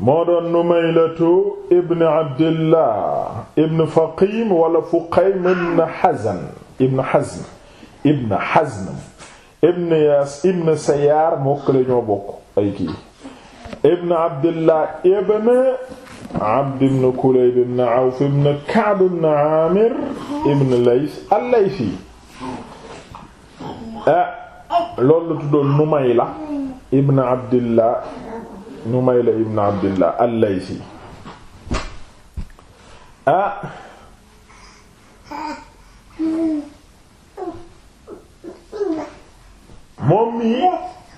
moo doon numaylatu ibn abdillah ibn faqim wala fuqaym ibn hazn ibn hazn ibn hazn ibn yaas ibn sayaar mokk la ñoo bokk ay kii ibn abdillah ibn abd ibn kulayb ibn awf ibn ka'b ibn aamir ibn lays al-laysi ah eh, loolu la tuddoon numayla ibn abdillah Numayla ibn Abdillah al-Laythi ah moom mii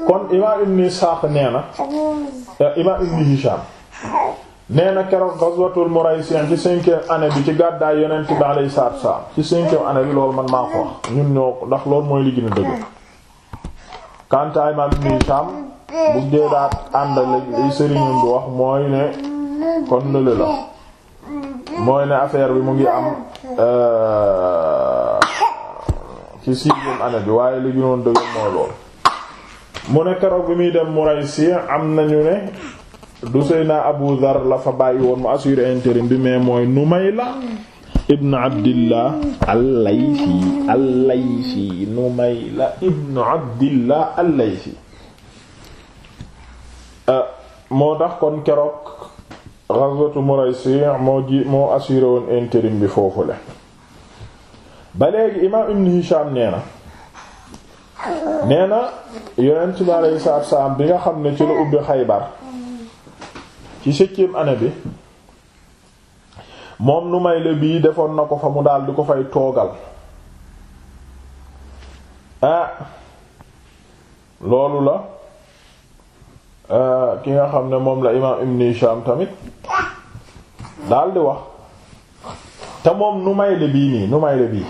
kon imaam ibn Isxaaq nee na eh, imaam ibn Hishaam nee na keroog ghazwatul Muraysiyan ci cinquième année bi ci gàddaay yonent bi alayhi salaatu wa salaam ci cinquième année bi loolu man maa ko wax ñun ñoo ko ndax loolu mooy li gën kanta imam Ibn Hisham bu dee daat ànd ak sëriñam bi wax mooy ne kon lële la mooy ne affaire bi mu ngi am euh, ci sixième année bi waaye li gënoon dëgg mooy lool mu ne keroog bi muy dem Muraysi am nañu ne du Seyna Abu Dhar la fa bàyyi woon mu assuré intérim bi mais mooy Numayla ibn abdillah al-laythi al-laythi ibn abdillah al euh, moo tax kon keroog ghazwatu muraysi moo ji moo assuré woon intérim bi foofu la ba léegi imaam ibn hisham nee na nee na yonent bi alayhi salaatu wa salaam bi nga xam ne ci la ubbi xaybar ci septième année bi moom Numayla bii defoon na ko fa mu daal di ko fay toogal ah, loolu la ah, ki nga xam ne moom la imaam Ibn Hisham tamit daal di wax te moom Numayla bii nii Numayla bii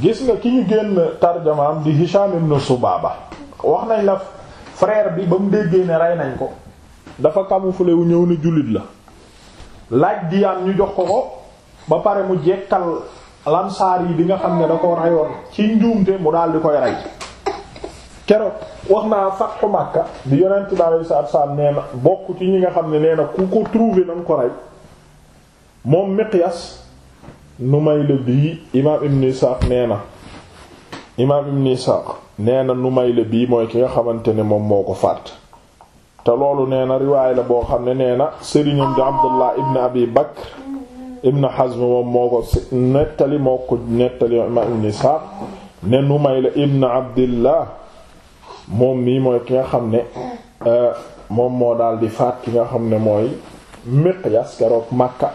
gis nga ki ñu génn tarjamaam di Hisham ibn baaba wax nañ la frère bi ba mu déggee ne rey nañ ko dafa camouflé wu ñëw ne jullit la laaj diyaam ñu jox ko ko ba pare mu jekkal lamsaar yi bi nga xam ne da ko reyoon ci njuumte mu daal di koy rey keroog wax naa fatxu Makka di yonent bi alei salatu salaam nee na bokk ci ñi nga xam ne nee na ku ko trouver nañ ko rey moom Miqyas nu may la bii imaam Ibn Isaaq nee na imaam Ibn Isaaq nee na nu may la bii mooy ki nga xamante ne moom moo ko faat te loolu nee na riwaay la boo xam ne nee na sëriñam di abdullah ibn abi bakr ibn hazm moom moo ko nettali moo ko nettali ma ibn isaaq ne numayla ibn abdillah moom mii mooy ki nga xam ne euh, moom moo daal di faat ki nga xam ne mooy miqyas keroog makka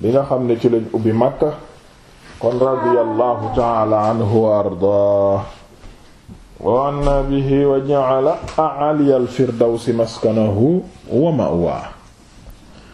bi nga xam ne ci lañ ubbi makka kon radiyallahu ta'ala anhu wa ardaa wa anna bihi wa ja'ala a'la al-firdawsi maskanahu wa ma'waahu